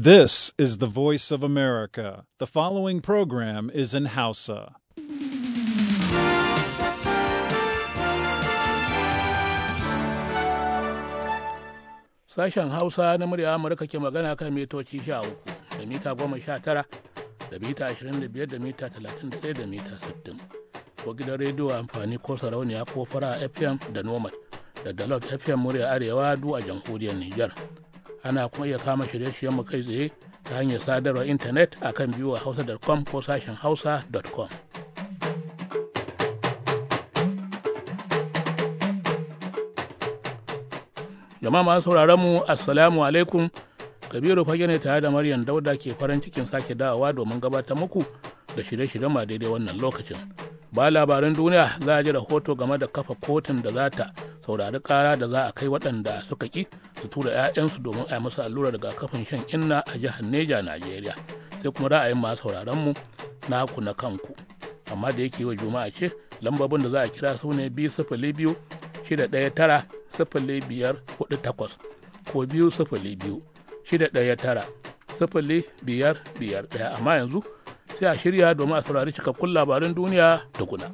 This is the voice of America. The following program is in Hausa. Sashen Hausa na murya Amurka ke magana kan mitoci sha uku da mita goma sha tara da mita ashirin da biyar da mita talatin da ɗaya da mita sittin. Ko gidan rediyo amfani ko sarauniya ko fara FM da Nomad da Dalot FM murya Arewa du a jamhuriyar Nijar. ana kuma iya kama shirye-shiryen mu kai tsaye ta hanyar sadarwar intanet a kan hausa.com ko sashen hausa.com. Jama'a masu sauraron mu Assalamu alaikum Kabiru fage ne tare da Maryam Dauda ke farin cikin sake dawowa domin gabatar muku da shirye-shiryen ma daidai wannan lokacin. ba labaran duniya za a ji rahoto game da kafa kotun da za ta saurari kara da za a kai waɗanda suka ƙi su tura 'ya'yansu domin a yi allura daga kafin shan inna a jihar neja najeriya sai kuma ra'ayin masu sauraronmu naku na kanku amma da yake wa juma'a ce lambobin da za a kira su ne biyu sifili biyu shida ɗaya tara sifili biyar hudu takwas ko biyu sifili biyu shida ɗaya tara sifili biyar biyar ɗaya amma yanzu sai a shirya domin a saurari cikakkun labaran duniya da kuna.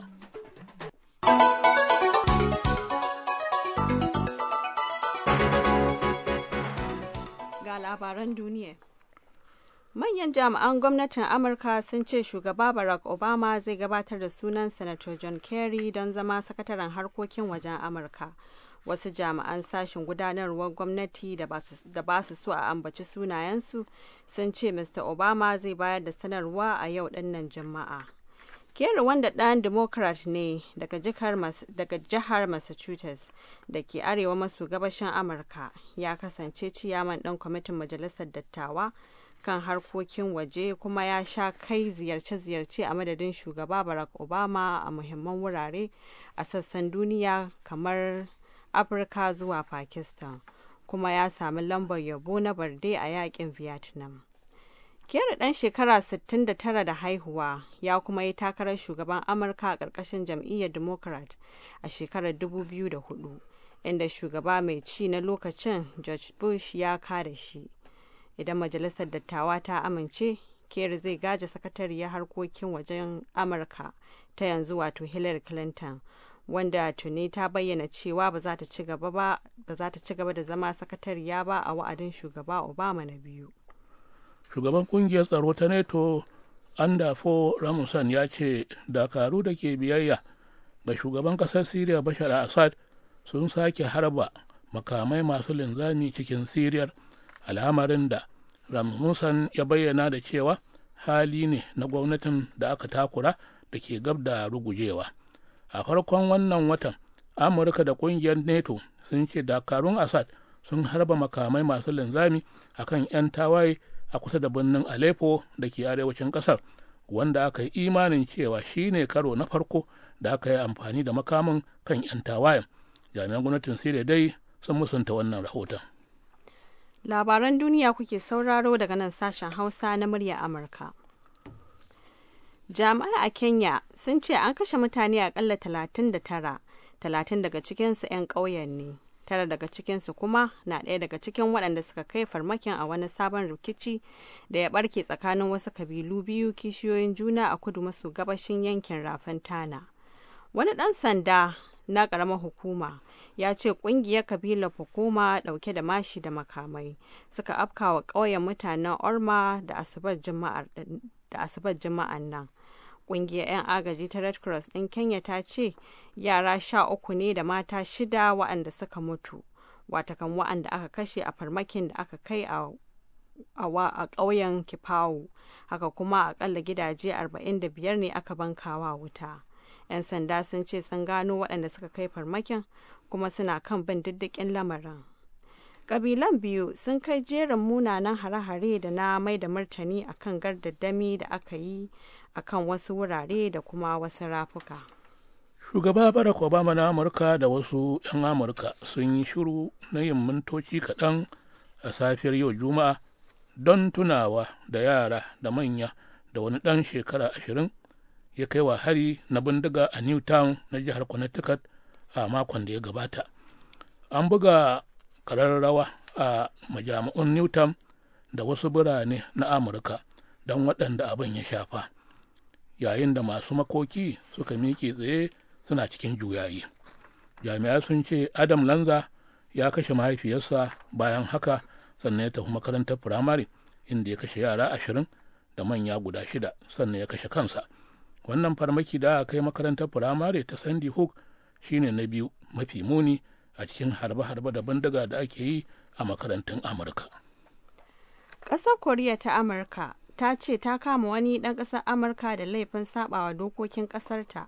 Ga labaran duniya. Manyan jami'an gwamnatin Amurka sun ce shugaba Barack Obama zai gabatar da sunan senator John Kerry don zama sakataren harkokin wajen Amurka. wasu jami'an sashen gudanarwar gwamnati da ba su so a ambaci sunayensu sun ce mr obama zai bayar da sanarwa a yau dinnan jama'a. kerry wanda dan democrat ne daga jihar massachusetts da ke arewa masu gabashin amurka ya kasance ciyaman dan kwamitin majalisar dattawa kan harkokin waje kuma ya sha kai ziyarce-ziyarce a madadin shugaba barack obama a muhimman wurare a sassan duniya kamar afirka zuwa pakistan kuma ya sami lambar yabo na barde a yakin vietnam kera dan shekara 69 da haihuwa ya kuma yi takarar shugaban Amurka a ƙarƙashin jam'iyyar Democrat a shekarar 2004, inda shugaba mai ci na lokacin George Bush ya kada shi. Idan Majalisar Dattawa ta amince, Kerry zai gaje sakatariyar harkokin wajen Amurka ta yanzu wato Hillary Clinton, wanda tuni ta bayyana cewa ba za ta ci gaba da zama sakatariya ba a wa'adin shugaba obama na biyu shugaban kungiyar tsaro ta neto andafo ramusan ya ce dakaru da ke biyayya ga shugaban kasar syria bashar assad sun sake harba makamai masu linzami cikin siriyar al'amarin da ramusan ya bayyana da cewa hali ne na gwamnatin da aka takura da ke gab da rugujewa a farkon wannan watan amurka da kungiyar nato sun ce dakarun assad sun harba makamai masu linzami a kan 'yan tawaye a kusa da birnin aleppo da ke arewacin kasar wanda aka yi imanin cewa shine karo na farko da aka yi amfani da makamin kan 'yan tawayen jami'an gwamnatin siriya dai sun musunta wannan rahoton labaran duniya kuke sauraro daga nan sashen hausa na murya amurka Jami'ai a Kenya sun ce an kashe mutane aƙalla talatin da tara talatin daga cikinsu 'yan ƙauyen ne, tara daga cikinsu kuma na ɗaya daga cikin waɗanda suka kai farmakin a wani sabon rikici da ya ɓarke tsakanin wasu kabilu biyu kishiyoyin juna a kudu maso gabashin yankin Rafin Tana. Wani ɗan sanda na karamar hukuma ya ce kungiyar kabilar hukuma dauke da mashi da makamai suka afka wa ƙauyen mutanen orma da asabar juma'ar nan kungiyar 'yan agaji ta red cross ɗin kenya ta ce yara sha uku ne da mata shida waɗanda suka mutu watakan waɗanda aka kashe a farmakin da aka kai a ƙauyen Kipawu haka kuma aƙalla gidaje 45 ne aka bankawa wuta 'yan sanda sun ce sun gano waɗanda suka kai farmakin kuma suna kan bin diddikin lamarin ƙabilan biyu sun kai jerin munanan hare-hare da na mai da martani akan gardaddami da aka yi a kan wasu wurare da kuma wasu rafuka shugaba barack obama na amurka da wasu 'yan amurka sun yi shiru na yin mintoci kaɗan a safiyar yau juma'a don tunawa da yara da manya da wani ɗan shekara ashirin ya kai wa hari na bindiga a New newtown na jihar connecticut a makon da ya gabata an buga kararrawa a majami'un newtown da wasu birane na amurka don waɗanda abin ya shafa yayin da masu makoki suka miƙe tsaye suna cikin juyayi jami'ai sun ce adam lanza ya kashe mahaifiyarsa bayan haka sannan ya tafi makarantar firamare inda ya kashe yara ashirin da manya guda shida sannan ya kashe kansa wannan farmaki da aka kai makarantar firamare ta sandy hook shine na biyu mafi muni a cikin harbe-harbe da bandaga da ake yi a makarantun amurka ƙasar koriya ta amurka ta ce ta kama wani ɗan ƙasar amurka da laifin sabawa dokokin ƙasarta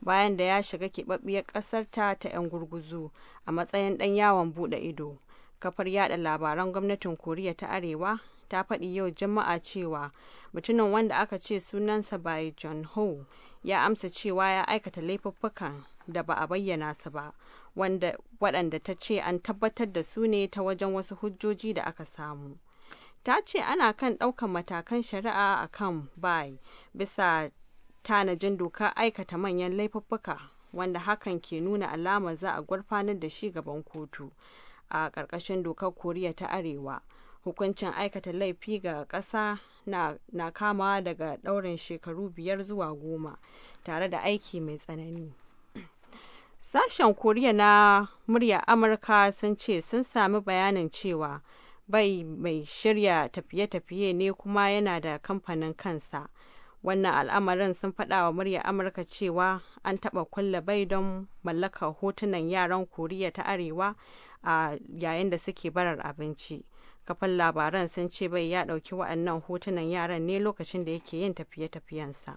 bayan da ya shiga keɓaɓɓiyar ƙasarta ta 'yan gurguzu a matsayin ɗan yawon buɗe ido kafar yada labaran gwamnatin koriya ta arewa ta faɗi yau Juma'a cewa mutumin wanda aka ce sunansa bai John Ho ya amsa cewa ya aikata laifuffukan da ba a bayyana su ba, waɗanda ta ce an tabbatar da su ne ta wajen wasu hujjoji da aka samu. Ta ce ana kan ɗaukan matakan shari'a a kan bai bisa tanajin doka aikata manyan laifuffuka wanda hakan ke nuna alama za a gurfanar da shi gaban kotu a ƙarƙashin dokar Koriya ta Arewa. hukuncin aikata laifi ga ƙasa na kama daga ɗaurin shekaru biyar zuwa goma tare da aiki mai tsanani sashen koriya na murya amurka sun ce sun sami bayanin cewa bai mai shirya tafiye-tafiye ne kuma yana da kamfanin kansa wannan al'amarin sun faɗa wa murya amurka cewa an taɓa kulle bai don mallakar hotunan yaran koriya ta arewa a yayin da suke barar abinci kafan labaran sun ce bai ya ɗauki waɗannan hotunan yaran ne lokacin da yake yin tafiye-tafiyensa.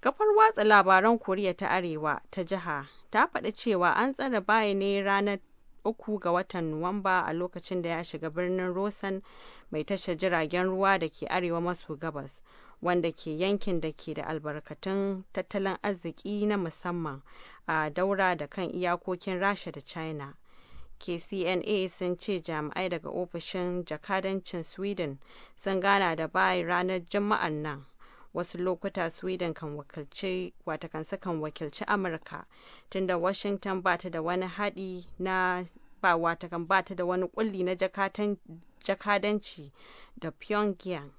Kafar watsa labaran Koriya ta Arewa ta jiha ta faɗi cewa an tsare baya ne ranar uku ga watan Nuwamba a lokacin da ya shiga birnin Rosan mai tashar jiragen ruwa da ke arewa maso gabas wanda ke yankin da ke da albarkatun tattalin arziki na musamman a daura da kan iyakokin Rasha da China. kcna sun ce jami'ai daga ofishin jakadancin sweden sun gana da bayan ranar juma'ar nan wasu lokuta sweden kan wakilci watakan sukan wakilci amurka tunda washington ba ta da wani haɗi na ba watakan ba ta da wani kulli na jakadanci da pyongyang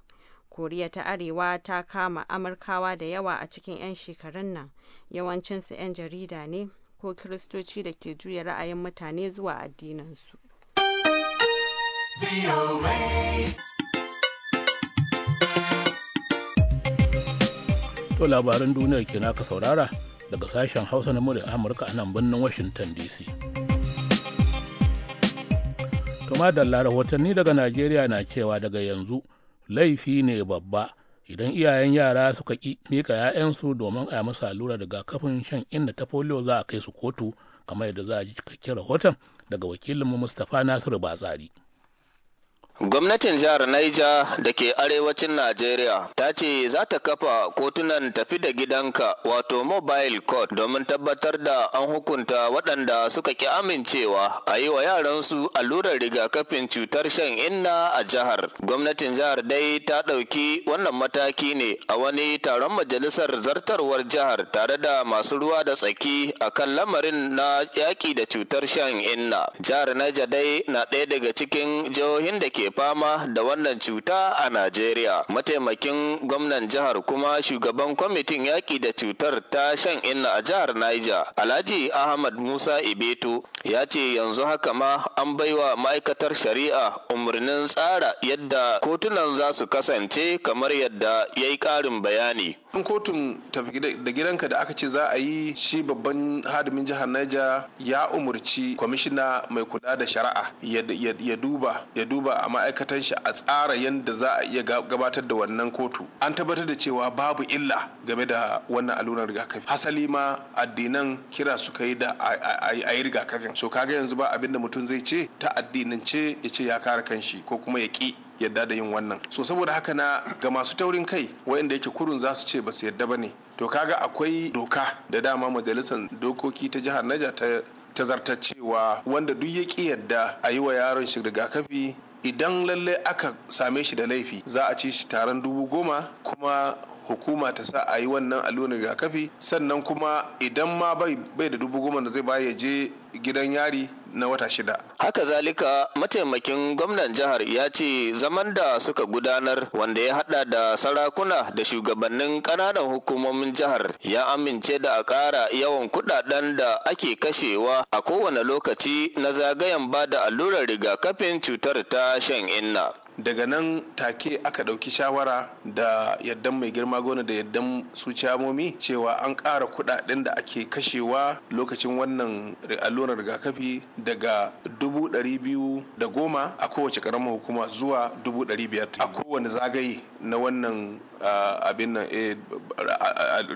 koriya ta arewa ta kama amurkawa da yawa a cikin 'yan shekarun nan yawancinsu 'yan jarida ne ko kiristoci da ke juya ra'ayin mutane zuwa addinansu. To labarin duniyar ke naka saurara daga sashen Hausa na murya Amurka a nan birnin Washington DC. Kuma da rahotanni daga Najeriya na cewa daga yanzu laifi ne babba idan iyayen yara suka ƙi mika 'ya'yansu domin a musu allurar rigakafin shan inna ta polio za a kai su kotu kamar yadda za a ji cikakken rahoton daga wakilinmu mustapha nasiru batsari Gwamnatin jihar Niger da ke arewacin Najeriya ta ce za ta kafa kotunan tafi da gidanka wato mobile court domin tabbatar da an hukunta waɗanda suka ki amincewa a yi wa yaransu allurar rigakafin cutar shan inna a jihar. Gwamnatin jihar dai ta ɗauki wannan mataki ne a wani taron majalisar zartarwar jihar tare da masu ruwa da tsaki a kan lamarin na yaƙi da cutar shan inna. Jihar Niger dai na ɗaya daga cikin jihohin da ke fama da wannan cuta a Najeriya. Mataimakin gwamnan jihar kuma shugaban kwamitin yaƙi da cutar ta shan inna a jihar Niger, Alhaji Ahmad Musa Ibeto ya ce yanzu haka ma an baiwa ma'aikatar shari'a umarnin tsara yadda kotunan za su kasance kamar yadda ya yi ƙarin bayani. an kotun tafi da gidanka da aka ce za a yi shi babban hadimin jihar Niger ya umurci kwamishina mai kula da shari'a ya duba ya duba a ma'aikatan shi a tsara yadda za a iya gabatar da wannan kotu an tabbatar da cewa babu illa game da wannan allurar rigakafi hasali ma addinan kira su kai da a yi rigakafin so kaga yanzu ba abinda mutum zai ce ta addinin ce ya ce ya kare kanshi ko kuma ya ki yadda da yin wannan so saboda haka na ga masu taurin kai wayanda yake kurun za su ce ba su yadda ba ne to kaga akwai doka da dama majalisar dokoki ta jihar naja ta tazartar cewa wanda duk ya ƙi yadda a yi wa yaron shi rigakafi idan lalle aka same shi da laifi za a ci shi taron dubu goma kuma hukuma ta sa a yi wannan allurar rigakafi sannan kuma idan ma bai da dubu goma da zai baya je gidan yari na wata shida. Haka zalika mataimakin gwamnan jihar ya ce zaman da suka gudanar wanda ya hada da sarakuna da shugabannin kananan hukumomin jihar ya amince da a kara yawan kudaden da ake kashewa a kowane lokaci na zagayen ba da allurar rigakafin cutar ta shan inna. daga nan take aka ɗauki shawara da yaddan mai girma gona da yaddan su camomi cewa an ƙara kuɗaɗen da ake kashewa lokacin wannan allurar rigakafi daga dubu ɗari biyu da goma a kowace ƙaramar hukuma zuwa dubu ɗari biyar a kowane zagaye na wannan abin nan eh,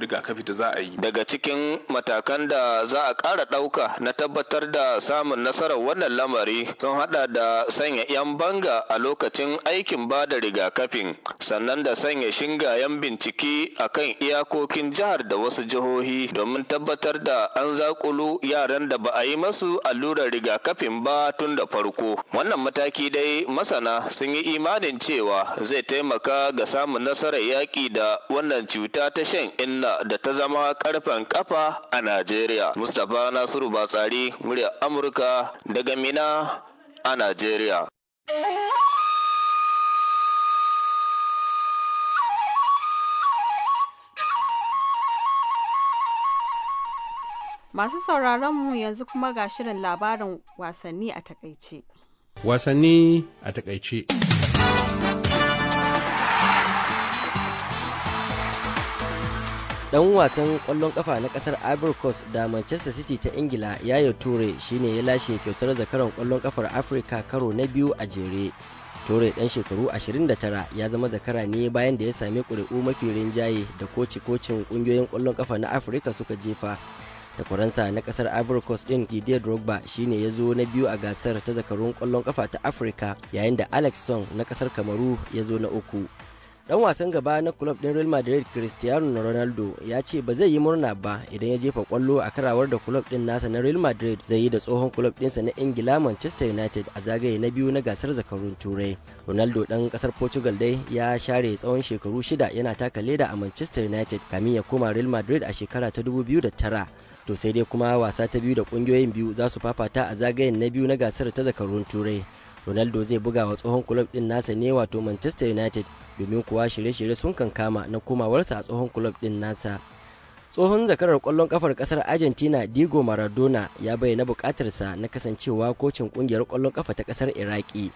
rigakafi da za a yi daga cikin matakan da za a ƙara ɗauka na tabbatar da samun nasarar wannan lamari sun haɗa da sanya 'yan banga a lokacin aikin ba da rigakafin sannan da sanya shingayen bincike a kan iyakokin jihar da wasu jihohi domin tabbatar da an zakulu yaran da ba a yi masu allurar rigakafin ba tun da farko wannan mataki dai masana sun yi imanin cewa zai taimaka ga samun nasarar yaƙi da wannan cuta ta shan inna da ta zama karfen kafa a najeriya mustapha nasiru batsari murya amurka daga mina a najeriya Masu sauraron mu yanzu kuma ga shirin labarin wasanni a takaice. Wasanni a takaice. Dan wasan ƙwallon ƙafa na ƙasar Ivory Coast da Manchester City ta Ingila Yayo Ture shine ya lashe kyautar zakaran kwallon ƙafar Afirka karo na biyu a jere. Ture ɗan shekaru 29 ya zama zakara ne bayan da ya sami ƙuri'u mafi rinjaye da koci-kocin ƙungiyoyin ƙwallon ƙafa na Afirka suka jefa takwaransa na kasar ivory coast din didier drogba shine ya zo na biyu a gasar ta zakarun kwallon kafa ta afirka yayin da alex song na kasar kamaru ya zo na uku dan wasan gaba na club din real madrid cristiano ronaldo ya ce ba zai yi murna ba idan ya jefa kwallo a karawar da club din nasa na real madrid zai yi da tsohon club dinsa na ingila manchester united a zagaye na biyu na gasar zakarun turai ronaldo dan kasar portugal dai ya share tsawon shekaru shida yana taka leda a manchester united kamin ya koma real madrid a shekara ta 2009 to sai dai kuma wasa ta biyu da kungiyoyin biyu za su fafata a zagayen na biyu na gasar ta zakarun turai ronaldo zai buga wa tsohon kulob din nasa ne wato manchester united domin kuwa shirye-shirye sun kankama na komawarsa a tsohon kulob din nasa tsohon zakarar kwallon kafar kasar argentina diego maradona ya bayyana bukatarsa na kasancewa kocin kungiyar kwallon kafa ta kasar iraki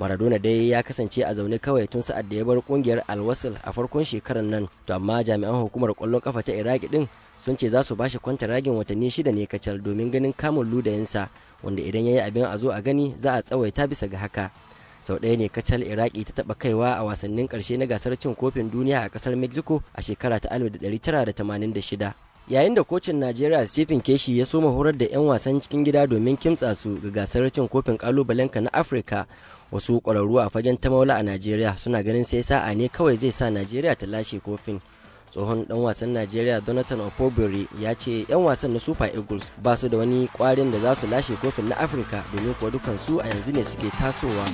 maradona dai ya kasance a zaune kawai tun sa'ad da ya bar kungiyar alwasil a farkon shekarar nan to amma jami'an hukumar kwallon kafa ta iraki din sun ce za su bashi ragin watanni shida ne kacal domin ganin kamun ludayinsa wanda idan ya yi abin a zo a gani za a tsawaita bisa ga haka sau ɗaya ne kacal iraki ta taɓa kaiwa a wasannin ƙarshe na gasar cin kofin duniya a ƙasar mexico a shekara ta 1986 yayin da kocin najeriya stephen keshi ya soma horar da 'yan wasan cikin gida domin kimtsa su ga gasar cin kofin kalubalenka na afirka wasu ƙwararru a fagen ta maula a najeriya suna ganin sai sa'a ne kawai zai sa najeriya ta lashe kofin tsohon dan wasan najeriya donatan opobere ya ce 'yan wasan na super eagles ba su da wani kwarin da za su lashe kofin na afirka domin kuwa dukansu a yanzu ne suke tasowa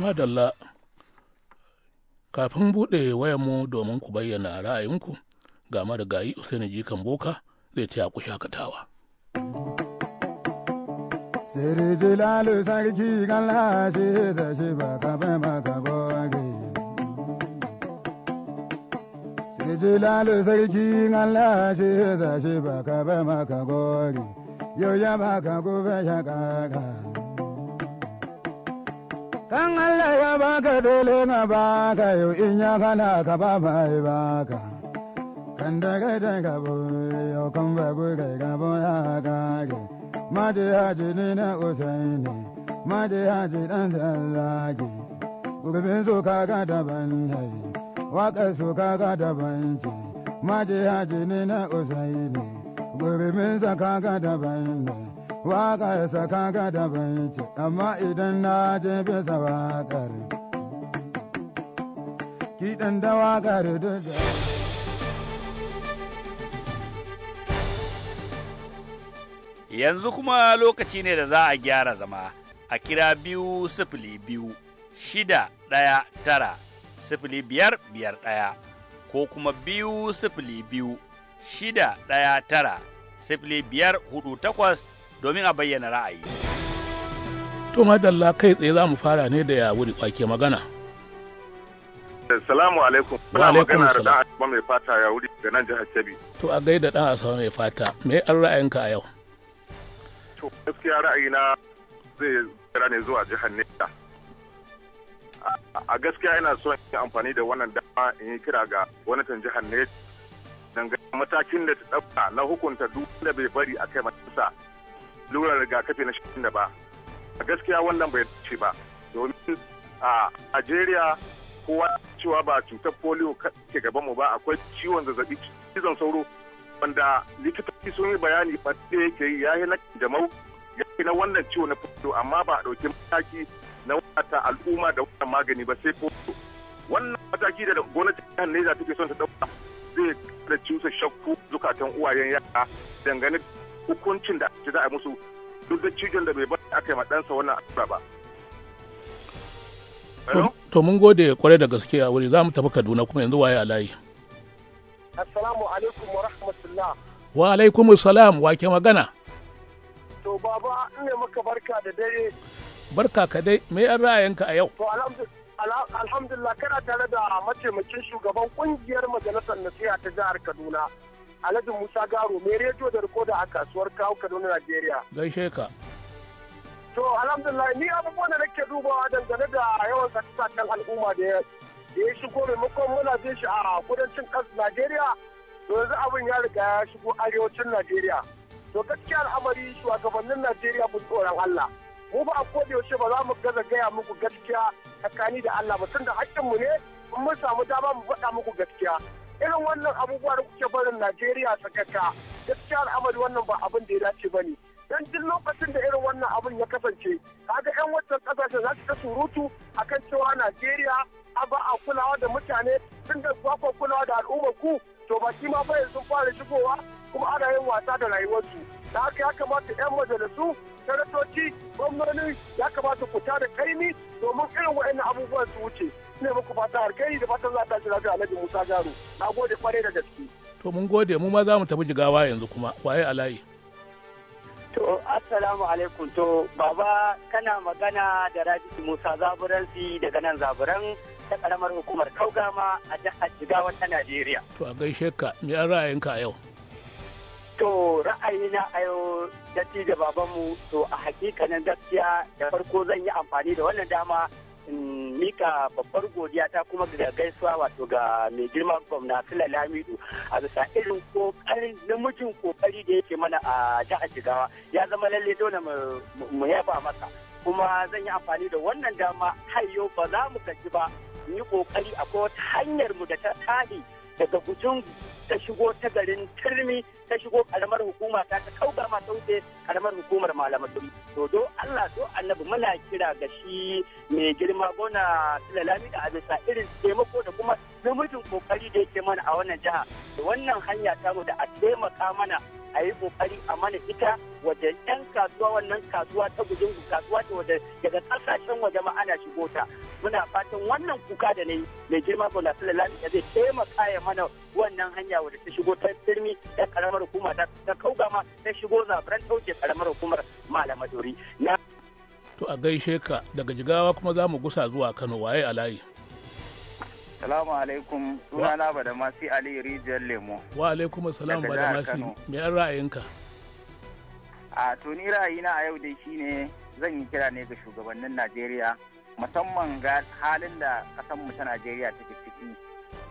madalla kafin buɗe wayanmu domin ku bayyana ra'ayinku ga marigayi usaini jikan boka zai ce a ku shakatawa Siri jilalu sarki kala shi da shi ba ka kafa maka boge. Siri jilalu sarki kala shi da shi ba kafa maka goge. Yau ya baka gobe ya kaka. kan Allah ya baka dole na baka yau in ya kana ka ba mai baka kan da kai da ka bu yau kan babu kai ka bu ya kare Madiyaji ni na Usaini, Madiyaji ɗan zazzaji, gurbin su kaga daban ne, waƙar su kaga daban ce. Madiyaji ni na Usaini, gurbin sa kaga daban ne, waƙar sa kaga daban ce, amma idan na je bisa waƙar, kiɗan da waƙar duk da. yanzu kuma lokaci ne da za a gyara zama a kira biyu sifili biyu shida ɗaya tara sifili biyar biyar ɗaya ko kuma biyu sifili biyu shida ɗaya tara sifili biyar hudu takwas domin a bayyana ra'ayi. To madalla kai tsaye za mu fara ne da ya wuri kwake magana. Salamu alaikum. Wa alaikum magana da ɗan mai fata ya wuri da nan jihar Kebbi. To a gaida ɗan asaba mai fata, me an ra'ayinka a yau? to gaskiya ra'ayina zai kira ne zuwa jihar Neja. A gaskiya ina so in amfani da wannan dama in yi kira ga gwamnatin jihar Neja dangane matakin da ta ɗauka na hukunta duk da bai bari a kai matasa lura rigakafi na shirin da ba. A gaskiya wannan bai dace ba domin a ajeriya kowa cewa ba cutar polio ke gaban mu ba akwai ciwon zazzabi cizon sauro wanda likitoci sun yi bayani ɓatte yake yi ya yi na jamau ya yi na wannan ciwo na fito amma ba a ɗauki mataki na wata al'umma da wannan magani ba sai foto wannan mataki da gwamnatin jihar Neja ke son ta ɗauka zai da cusa shakku zukatan uwayen yara dangane hukuncin da ake za a musu duk da cijon da bai bar aka yi ma ɗansa wannan asura ba. To mun gode kwarai da gaske a wuri za mu tafi Kaduna kuma yanzu waye a layi. Assalamu alaikum wa rahmatullah. Wa alaikum salam wa ke magana. To baba ina maka barka da dare. Barka ka dai mai yan ra'ayinka a yau? To alhamdulillah kana tare da mataimakin shugaban kungiyar majalisar nasiha ta jihar Kaduna. Alhaji Musa Garo mai rediyo da rikoda a kasuwar kawo Kaduna Najeriya. Gaishe ka. To alhamdulillah ni abubuwan da nake dubawa dangane da yawan sace al'umma da da ya shigo maimakon muna jin shi a kudancin ƙasar Najeriya to yanzu abin ya riga ya shigo arewacin Najeriya to gaskiya al'amari shugabannin Najeriya bin tsoron Allah mu ba a koda yaushe ba za mu gaza gaya muku gaskiya tsakani da Allah ba tun da mu ne in mun samu dama mu faɗa muku gaskiya irin wannan abubuwa da kuke barin Najeriya tsakaka gaskiya al'amari wannan ba abin da ya dace ba ne. don duk lokacin da irin wannan abun ya kasance kaga yan wancan kasashen za su ta surutu a kan cewa Najeriya a ba a kulawa da mutane tun da ba kulawa da al'ummar ku to ba shi ma bayan sun fara shigowa kuma ana yin wasa da rayuwarsu da haka ya kamata yan majalisu sanatoci gwamnoni ya kamata ku ta da kaimi domin irin wa'annan abubuwan su wuce ne muku fata alkhairi da fatan za ta shi lafiya alhaji musa jaru na gode kwarai da gaske to mun gode mu ma za mu tafi jigawa yanzu kuma waye alayi To, Assalamu alaikum to, baba kana magana da Rabi'u Musa Zaburansi daga nan Zaburan ta karamar hukumar Kaugama a jihar Jigawa ta Najeriya. To, a gaishe ka, me ra'ayinka a yau? To, ra'ayina a yau da babanmu to a hakikanin gaskiya da farko zan yi amfani da wannan dama in mika babbar godiya ta kuma ga gaisuwa wato ga mai girma gwamna Sula Lamido a bisa irin kokarin namijin kokari da yake mana a jihar Jigawa ya zama lalle dole mu yaba masa kuma zan yi amfani da wannan dama har yau ba za mu gaji ba yi kokari akwai wata hanyar mu da ta tsari daga gujin ta shigo ta garin turmi ta shigo karamar hukuma ta ta kauga ma ta wuce karamar hukumar malamaturi to do Allah do annabi muna kira ga shi mai girma gona lalami da abisa irin taimako da kuma namijin kokari da yake mana a wannan jiha da wannan hanya ta mu da a taimaka mana a yi kokari a mana ita wajen yan kasuwa wannan kasuwa ta gujungu kasuwa ta wajen daga kasashen waje ma ana shigo ta muna fatan wannan kuka da nayi mai girma bola sallallahu da zai taimaka ya mana wannan hanya wadda ta shigo ta firmi ta karamar hukuma ta ma ta shigo zaburan ɗauke karamar hukumar malama na to a gaishe ka daga jigawa kuma za mu gusa zuwa kano waye alayi Salamu alaikum sunana Badamasi Ali Rijiyar Lemo. Wa alaikum salam Badamasi me yan ra'ayinka? A to ni ra'ayina a yau dai shine zan yi kira ne ga shugabannin Najeriya musamman ga halin da mu ta Najeriya take ciki.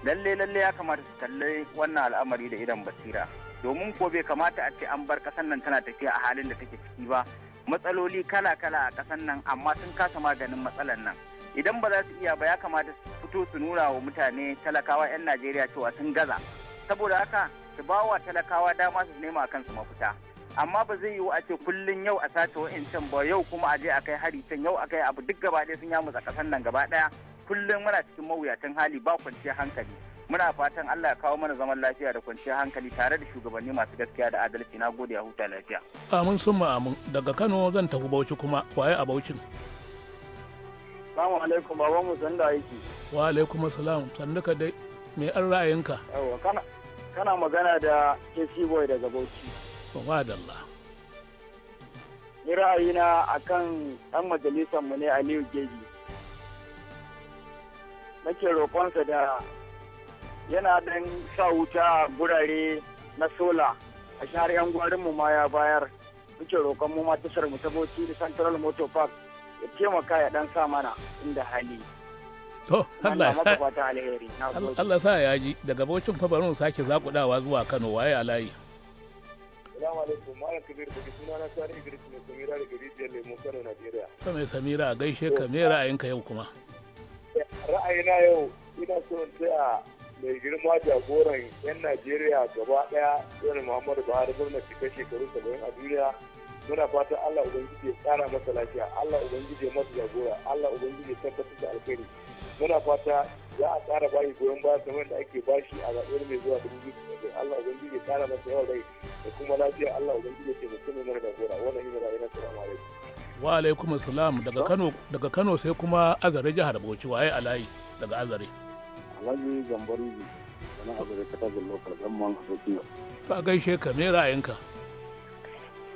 Lalle lalle ya kamata su kalli wannan al'amari da idan basira. Domin ko bai kamata a ce an bar ƙasar nan tana tafiya a halin da take ciki ba. Matsaloli kala-kala a ƙasar nan amma sun kasa maganin matsalar nan. idan ba za su iya ba ya kamata su fito su nuna wa mutane talakawa 'yan najeriya cewa sun gaza saboda haka su ba wa talakawa dama su nema kansu mafita amma ba zai yiwu a ce kullum yau a sace wa'incan ba yau kuma a je a kai hari can yau a kai abu duk gaba ɗaya sun yamutsa kasan nan gaba ɗaya kullum muna cikin mawuyacin hali ba kwanciyar hankali muna fatan Allah ya kawo mana zaman lafiya da kwanciyar hankali tare da shugabanni masu gaskiya da adalci na gode a huta lafiya amin sun amin daga Kano zan tafi Bauchi kuma waye a Bauchin Salamu alaikum baban mu sanda aiki. Wa alaikum salam sannu ka dai me an ra'ayinka? kana magana da KC boy daga Bauchi. Wa Allah. Ni ra'ayina akan ɗan majalisar mu ne Aliyu Geji. Nake roƙonsa da yana ɗan sa wuta gurare na sola a shahar yan gwarin mu ma ya bayar muke roƙon mu ma tashar mu ta Bauchi da Central Motor Park ya taimaka ya dan sa mana inda hali to Allah sa Allah sa ya ji daga bocin fa barin sake zakudawa zuwa Kano waye alayi Assalamu alaikum Malam Kabir daga sunana Sani Idris mai Samira daga Rijiyar Lemo Kano Najeriya to mai Samira gaishe ka me ra'ayinka yau kuma ra'ayina yau ina so in tsaya mai girma jagoran 'yan Najeriya gaba daya irin Muhammadu Buhari murna cika shekaru 70 a duniya muna fatan Allah ubangiji ya tsara masa lafiya Allah ubangiji ya masa jagora Allah ubangiji ya tabbatar da alkhairi muna fata za a tsara bayi goyon baya kamar da ake bashi a zaɓen mai zuwa da biyu da Allah ubangiji ya tsara masa yawan rai da kuma lafiya Allah ubangiji ya taimake mu mara jagora wannan shi ne ra'ayin assalamu alaikum wa alaikum assalam daga Kano daga Kano sai kuma Azare jihar Bauchi waye alayi daga Azare Alhaji Gambaruji wani abu da ta tabbata lokacin man Bauchi ka gaishe ka me ra'ayinka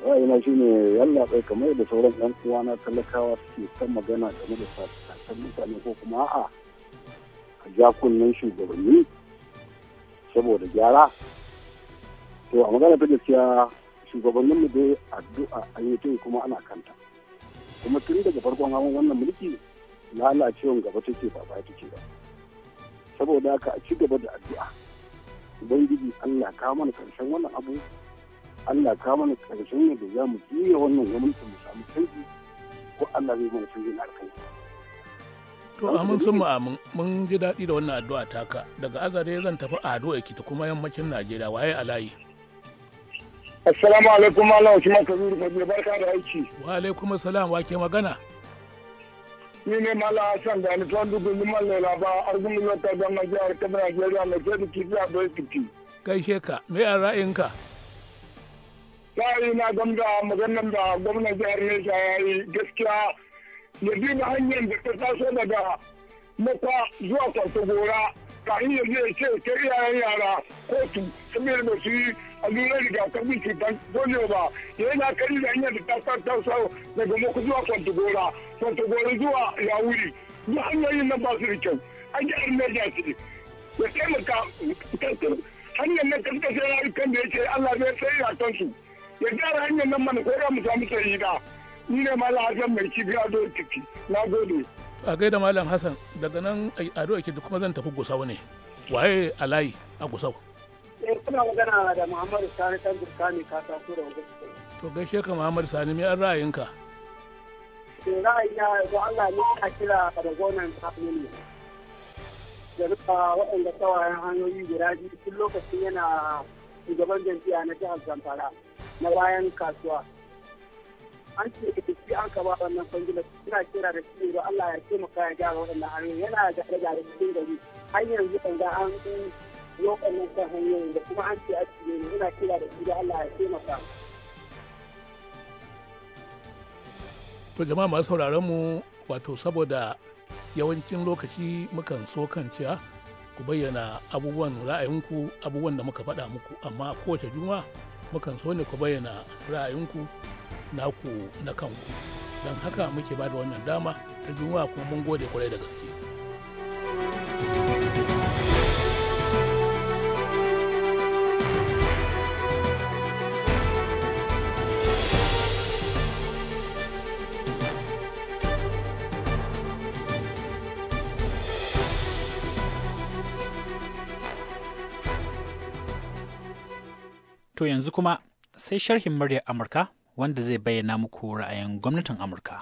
ra'ayina shi ne yalla bai kamar yadda sauran yan uwa na talakawa suke kan magana game da sassan mutane ko kuma a a ja kunnen shugabanni saboda gyara to a magana ta gaskiya shugabannin mu dai addu'a an yi tun kuma ana kanta kuma tun daga farkon hawan wannan mulki lalacewan gaba take ba ba take ba saboda haka a ci gaba da addu'a ubangiji Allah ka mana karshen wannan abu Allah ka mana karshen yadda za mu juya wannan gwamnati mu samu canji ko Allah zai mana canji na alkai. To amin sun mu amin mun ji daɗi da wannan addu'a taka daga azare zan tafi ado ta kuma yammacin Najeriya waye alayi. Assalamu alaikum Malam Usman Kabiru Kabiru barka da aiki. Wa alaikum salam wa ke magana. Ni ne Malam Hassan da ni tuwon dubu liman lela ba arzikin yau ta jihar Najeriya mai ke da kifi a kifi. Gaishe ka, me a ra'ayinka? ra'ayi na gamda maganar da gwamnan jihar Neja ya yi gaskiya ya bi na hanyar da ta taso daga makwa zuwa kwanta gora ka yi yanzu ya ce ta iyayen yara kotu saboda ba su yi a lura allurar rigakafin cutar polio ba ya yi na kari da hanyar da ta taso daga makwa zuwa kwanta gora kwanta gora zuwa yawuri duk hanyoyin nan ba su da kyau an ji an Neja ce ya taimaka hanyar na karkashin rayukan da ya ce Allah zai tsaye a kansu. ya gyara hanyar nan mana ko mu samu sayi da ni ne ma Hassan mai kibiya do ciki na gode a gaida malam Hassan daga nan a do yake kuma zan tafi Gusau ne waye alayi a Gusau eh kuna magana da Muhammadu Sani dan Burkani ka taso da wajen to gaishe ka Muhammadu Sani me an ra'ayinka eh ra'ayina ga Allah ne ka kira da gonan ne. da rufa waɗanda tsawayen hanyoyi guda biyu tun lokacin yana shugaban jam'iyya na jihar Zamfara. na bayan kasuwa an ce da shi an ba wannan kwangila suna kira da shi ba Allah ya taimaka ya gyara waɗannan hanyoyi yana da ɗaga da cikin gari har yanzu kan ga an lokacin kan hanyoyi da kuma an ce a cikin ne yana kira da shi da Allah ya taimaka. To jama'a masu sauraron mu wato saboda yawancin lokaci mukan so cewa ku bayyana abubuwan ra'ayinku abubuwan da muka faɗa muku amma kowace juma'a mukan so ne ku bayyana ra'ayinku naku na kanku don haka muke ba da wannan dama ta juma'a kuma mun gode kwarai da gaske To yanzu kuma sai sharhin muryar Amurka wanda zai bayyana muku ra'ayin gwamnatin Amurka.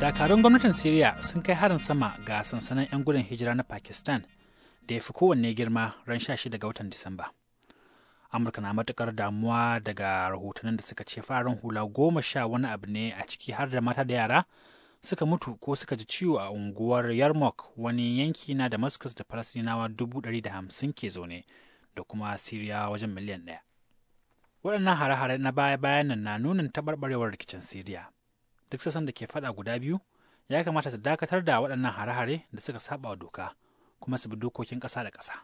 Dakarun gwamnatin Siriya sun kai harin sama ga sansanin 'yan gudun hijira na Pakistan da ya fi kowanne girma ran 16 ga watan Disamba. Amurka na matukar damuwa daga rahotannin da suka ce farin hula goma sha wani abu ne a ciki har da mata da yara suka mutu ko suka ji ciwo a unguwar Yarmouk wani yanki na Damascus da Falasɗinawa dubu ɗari da hamsin ke zaune da kuma Siriya wajen miliyan ɗaya. Waɗannan hare-hare na baya-bayan na nunin taɓarɓarewar rikicin Siriya. Duk sassan da ke faɗa guda biyu ya kamata su dakatar da waɗannan hare-hare da suka saba wa doka kuma su bi dokokin ƙasa da ƙasa.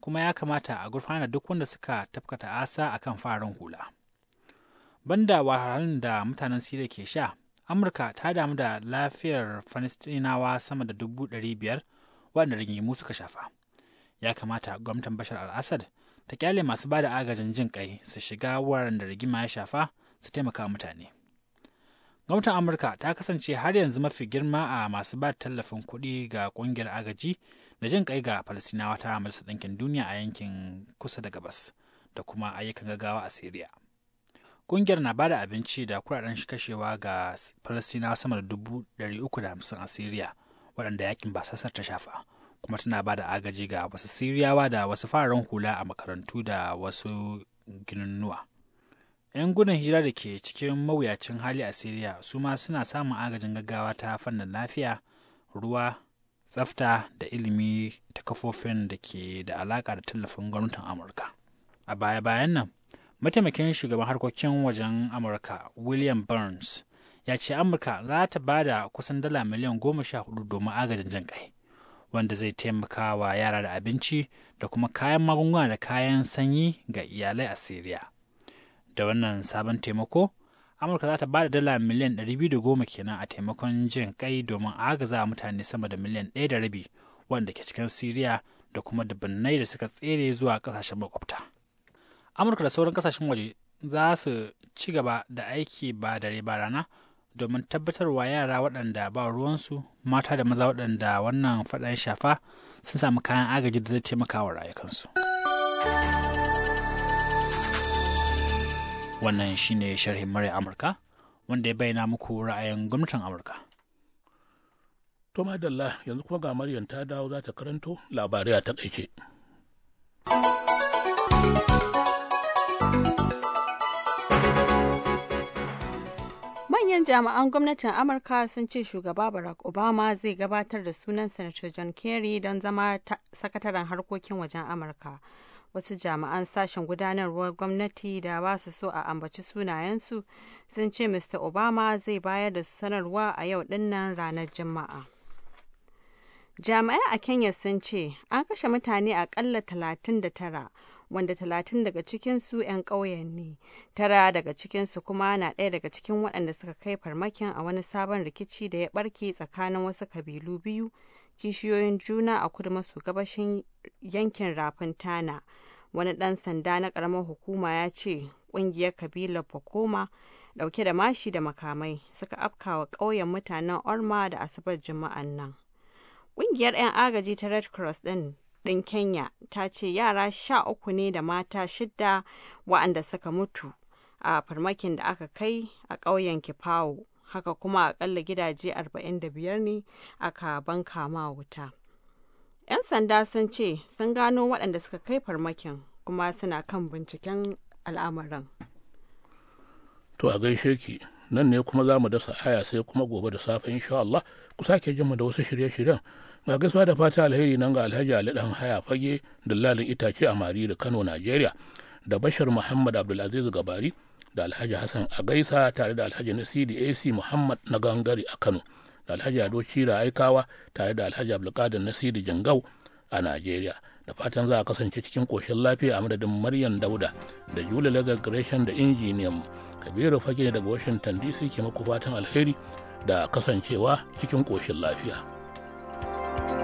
Kuma ya kamata a gurfana duk wanda suka tafkata asa akan farin hula. Banda wahalhalun da mutanen Siriya ke sha amurka ta damu da lafiyar falistinawa sama da dubu ɗari biyar waɗanda rigimu suka shafa ya kamata gwamnatin bashar al-assad ta kyale masu ba da agajin jin kai su shiga wuraren da rigima ya shafa su taimaka mutane gwamnatin amurka ta kasance har yanzu mafi girma a masu ba tallafin kuɗi ga ƙungiyar agaji da jin kai ga falastinawa ta majalisar ɗinkin duniya a yankin kusa da gabas da kuma ayyukan gaggawa a Siriya. Ƙungiyar na bada abinci da kuɗaɗen kashewa ga falastinawa sama da dubu ɗari uku da hamsin a Siriya waɗanda yakin sassar ta shafa. Kuma tana ba da agaji ga wasu Siriyawa da wasu fararen hula a makarantu da wasu gininuwa. 'Yan gudun hijira da ke cikin mawuyacin hali a Siriya su ma suna samun agajin gaggawa ta fannin lafiya, ruwa, tsafta da ilimi ta kafofin da ke da alaƙa da tallafin gwamnatin Amurka. A baya-bayan nan, mataimakin shugaban harkokin wajen amurka william burns ya ce amurka za ta ba da kusan dala miliyan goma sha hudu domin agajin jin kai wanda zai taimaka wa yara da abinci da kuma kayan magunguna da kayan sanyi ga iyalai a syria da wannan sabon taimako amurka za ta ba da dala miliyan goma kenan a taimakon jin kai domin agaza mutane sama da miliyan 1.5 wanda ke cikin syria da kuma dubbannai da suka tsere zuwa kasashen makwabta amurka da sauran kasashen waje za su ci gaba da aiki ba dare ba rana domin tabbatarwa yara waɗanda ba ruwansu mata da maza waɗanda wannan faɗan shafa sun samu kayan agaji da zai taimaka wa rayukansu wannan shine sharhin mara amurka wanda ya bayyana muku ra'ayin gwamnatin amurka to madalla yanzu kuma ga maryam ta dawo za ta karanto labarai a takaice. Manyan jami'an gwamnatin Amurka sun ce Shugaba Barack Obama zai gabatar da sunan Sanata John Kerry don zama sakataren harkokin wajen Amurka. Wasu jami'an sashen gudanarwar gwamnati da ba su so a ambaci sunayensu sun ce Mr. Obama zai bayar da sanarwa a yau dinnan ranar Juma'a. Jami'ai a Kenya sun ce an kashe mutane akalla 39 wanda talatin daga cikinsu 'yan ƙauyen ne tara daga cikinsu kuma na ɗaya daga cikin waɗanda suka kai farmakin a wani sabon rikici da ya ɓarke tsakanin wasu kabilu biyu kishiyoyin juna a kudu maso gabashin yankin rafin tana wani ɗan sanda na ƙaramar hukuma ya ce ƙungiyar kabilar pokoma ɗauke da mashi da makamai suka afkawa ƙauyen mutanen orma da asibar juma'an nan ƙungiyar 'yan agaji ta red cross ɗin ɗin Kenya ta ce yara sha uku ne da mata shidda waɗanda suka mutu a farmakin da aka kai a ƙauyen Kipawo, haka kuma akalla gidaje 45 ne aka banka ma wuta. 'Yan sanda sun ce sun gano waɗanda suka kai farmakin kuma suna kan binciken al'amarin. To a gaishe ki nan ne kuma za mu dasa aya sai kuma gobe da safe insha Allah ku sake jin mu da wasu shirye-shiryen ga gaisuwa da fata alheri nan ga alhaji ali dan haya fage da dillalin itace a mari da kano nigeria da bashar muhammad abdulaziz gabari da alhaji hassan a gaisa tare da alhaji nasiri ac muhammad na gangare a kano da alhaji ado cira aikawa tare da alhaji abdulkadir nasiri jingau a nigeria da fatan za a kasance cikin koshin lafiya a madadin maryam dauda da jula leather gresham da injiniyan kabiru fage daga washington dc ke maku fatan alheri da kasancewa cikin koshin lafiya you